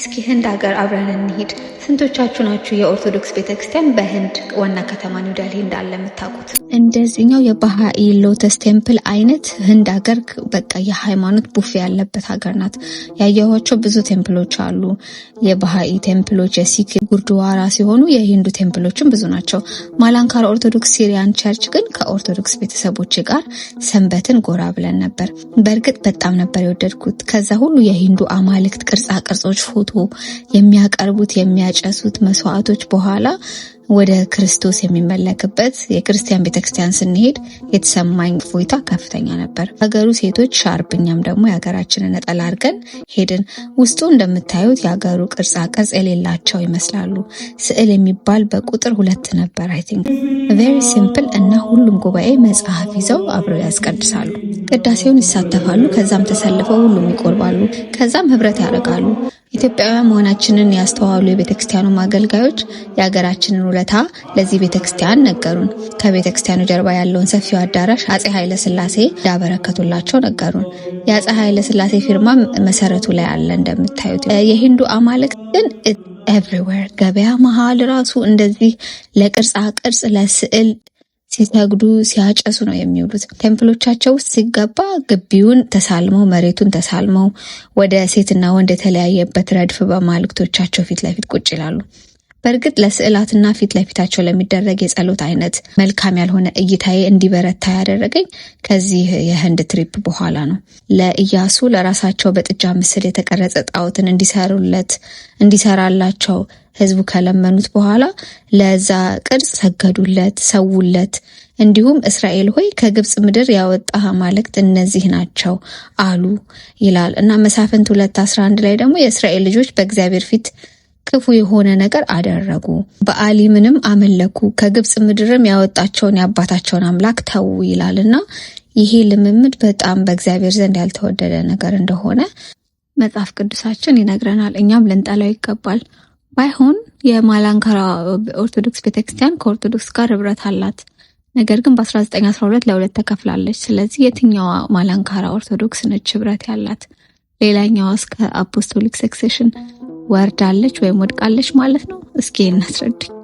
እስኪ ህንድ ሀገር አብረን እንሂድ። ስንቶቻችሁ ናችሁ የኦርቶዶክስ ቤተክርስቲያን በህንድ ዋና ከተማ ኒው እንዳለ የምታውቁት? እንደዚህኛው የባሃኢ ሎተስ ቴምፕል አይነት ህንድ ሀገር በቃ የሃይማኖት ቡፌ ያለበት ሀገር ናት። ያየኋቸው ብዙ ቴምፕሎች አሉ። የባሃኢ ቴምፕሎች፣ የሲክ ጉርድዋራ ሲሆኑ የሂንዱ ቴምፕሎችም ብዙ ናቸው። ማላንካር ኦርቶዶክስ ሲሪያን ቸርች ግን ከኦርቶዶክስ ቤተሰቦች ጋር ሰንበትን ጎራ ብለን ነበር። በእርግጥ በጣም ነበር የወደድኩት። ከዛ ሁሉ የሂንዱ አማልክት ቅርጻ ቅርጾች ፎቶ የሚያቀርቡት የሚያጨሱት መስዋዕቶች በኋላ ወደ ክርስቶስ የሚመለክበት የክርስቲያን ቤተክርስቲያን ስንሄድ የተሰማኝ ፎይታ ከፍተኛ ነበር። ሀገሩ ሴቶች ሻርፕ፣ እኛም ደግሞ የሀገራችንን ነጠላ አድርገን ሄድን። ውስጡ እንደምታዩት የሀገሩ ቅርጻ ቅርጽ የሌላቸው ይመስላሉ። ስዕል የሚባል በቁጥር ሁለት ነበር። አይ ቲንክ ቬሪ ሲምፕል እና ሁሉም ጉባኤ መጽሐፍ ይዘው አብረው ያስቀድሳሉ፣ ቅዳሴውን ይሳተፋሉ። ከዛም ተሰልፈው ሁሉም ይቆርባሉ። ከዛም ህብረት ያደርጋሉ። ኢትዮጵያውያን መሆናችንን ያስተዋሉ የቤተክርስቲያኑ አገልጋዮች የሀገራችንን ወረታ ለዚህ ቤተክርስቲያን ነገሩን። ከቤተክርስቲያኑ ጀርባ ያለውን ሰፊው አዳራሽ አጼ ኃይለ ስላሴ እንዳበረከቱላቸው ነገሩን። የአጼ ኃይለ ስላሴ ፊርማ መሰረቱ ላይ አለ እንደምታዩት። የሂንዱ አማልክት ግን ኤቭሪዌር ገበያ መሀል ራሱ እንደዚህ ለቅርጻ ቅርጽ ለስዕል ሲሰግዱ ሲያጨሱ ነው የሚውሉት። ቴምፕሎቻቸው ውስጥ ሲገባ ግቢውን ተሳልመው መሬቱን ተሳልመው ወደ ሴትና ወንድ የተለያየበት ረድፍ በማልክቶቻቸው ፊት ለፊት ቁጭ ይላሉ። በእርግጥ ለስዕላትና ፊት ለፊታቸው ለሚደረግ የጸሎት አይነት መልካም ያልሆነ እይታዬ እንዲበረታ ያደረገኝ ከዚህ የህንድ ትሪፕ በኋላ ነው። ለእያሱ ለራሳቸው በጥጃ ምስል የተቀረጸ ጣዖትን እንዲሰሩለት እንዲሰራላቸው ህዝቡ ከለመኑት በኋላ ለዛ ቅርጽ ሰገዱለት፣ ሰውለት። እንዲሁም እስራኤል ሆይ ከግብፅ ምድር ያወጣህ አማልክት እነዚህ ናቸው አሉ ይላል እና መሳፍንት ሁለት አስራ አንድ ላይ ደግሞ የእስራኤል ልጆች በእግዚአብሔር ፊት ክፉ የሆነ ነገር አደረጉ። በአሊምንም አመለኩ፣ ከግብፅ ምድርም ያወጣቸውን የአባታቸውን አምላክ ተዉ ይላል እና ይሄ ልምምድ በጣም በእግዚአብሔር ዘንድ ያልተወደደ ነገር እንደሆነ መጽሐፍ ቅዱሳችን ይነግረናል። እኛም ልንጠላው ይገባል። ባይሆን የማላንካራ ኦርቶዶክስ ቤተክርስቲያን ከኦርቶዶክስ ጋር ህብረት አላት። ነገር ግን በ1912 ለሁለት ተከፍላለች። ስለዚህ የትኛዋ ማላንካራ ኦርቶዶክስ ነች ህብረት ያላት? ሌላኛዋ እስከ አፖስቶሊክ ሰክሴሽን ወርዳለች ወይም ወድቃለች ማለት ነው? እስኪ እናስረድኝ።